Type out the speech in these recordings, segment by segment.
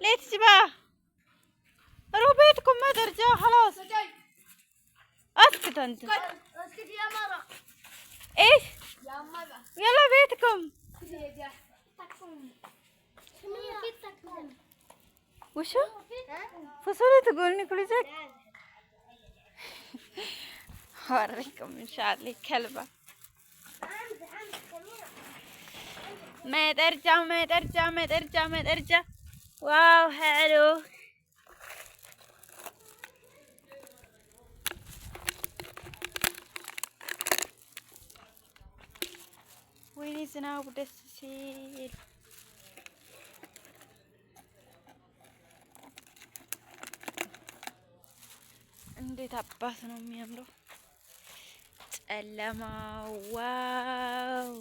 ليت شباه روح بيتكم ما ترجع خلاص اسكت انت اسكت يا مرة ايش يا مرة يلا بيتكم وشو فصولة تقولني كل شيء؟ هوريكم ان شاء الله كلبة ما ترجع ما ترجع ما ترجع ما ترجع Wow, hello. ወይኔ ዝናቡ ደስ ሲል እንዴት አባት ነው የሚያምረው ጨለማው። ዋው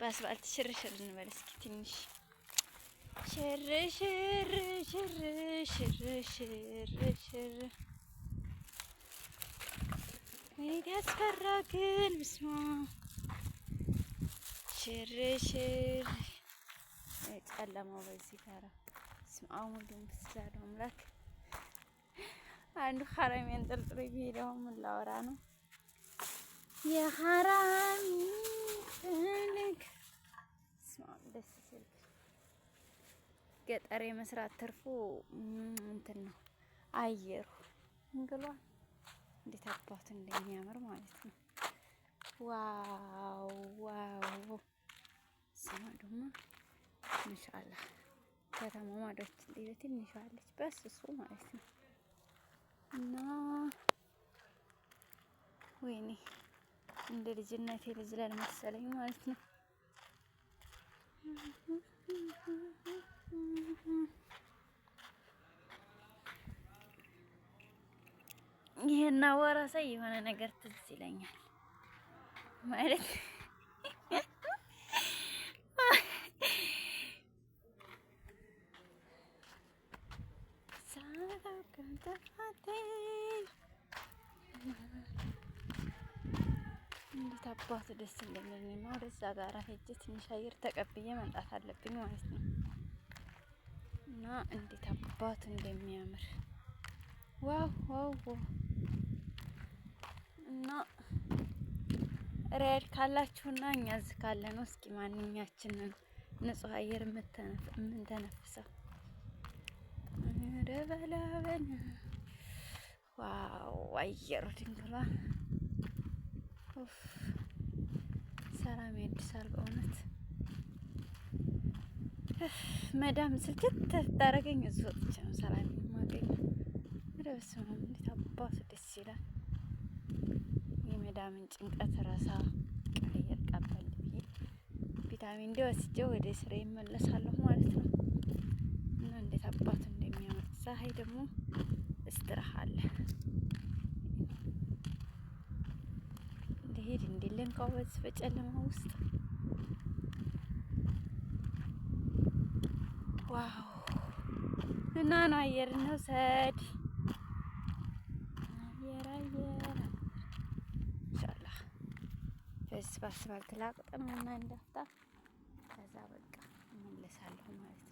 በአስፋልት ሽርሽር እንበል እስኪ ትንሽ ሽር ሽር ሽር ሽር ሽር ሽር ወይኔ ያስፈራ ግን ብስማ ሽር ሽር ጨለማው በዚህ ጋራ ስማ ሙሉ አምላክ አንዱ ሀራሚ አንጠልጥሎ የሚሄደው ምን ላወራ ነው? የሀራሚ ልክ ስማ ደስ ሲል ገጠር የመስራት ትርፉ እንትን ነው አየሩ እንግሏል። እንዴት አባቱ እንደሚያምር ማለት ነው። ዋው ዋው ስማ ደግሞ እንሻላ ከተማ ማዶች እንዴት እንሻለች በስ እሱ ማለት ነው እና ወይኔ እንደ ልጅነቴ ልጅ ላል መሰለኝ ማለት ነው። እና ሳይ የሆነ ነገር ትዝ ይለኛል ማለት እንዴት አባቱ ደስ እንደሚለኝ ወደዛ ጋራ ሄጅ ትንሽ አየር ተቀብዬ መምጣት አለብኝ ማለት ነው። እና እንዴት አባቱ እንደሚያምር ዋው ዋው ዋው እና ሬድ ካላችሁና እኛ እዚህ ካለ ነው። እስኪ ማንኛችንን ንጹህ አየር የምንተነፍሰው? ኧረ ዋው አየሩ ድንግሏ ሰላም ያድሳል በእውነት መዳም ስልችት ታደርገኝ እዚህ ወጥቼ ነው ሰላም የማገኘው። ኧረ በስመ አብ እንዴት አባቱ ደስ ይላል። የመዳምን ጭንቀት ረሳ ቀየር ቀበል ብዬ ቪታሚን ዲ ወስጄ ወደ ስራ ይመለሳለሁ ማለት ነው። እና እንዴት አባቱ እንደሚያምር ፀሐይ ደግሞ እስትራሃ አለ እንደሄድ እንዲልን ከወዝ በጨለማ ውስጥ ዋው እና ነው አየር ነው ሰድ በዚህ በአስፋልት ላቅጥም ከዛ በቃ እመለሳለሁ ማለት ነው።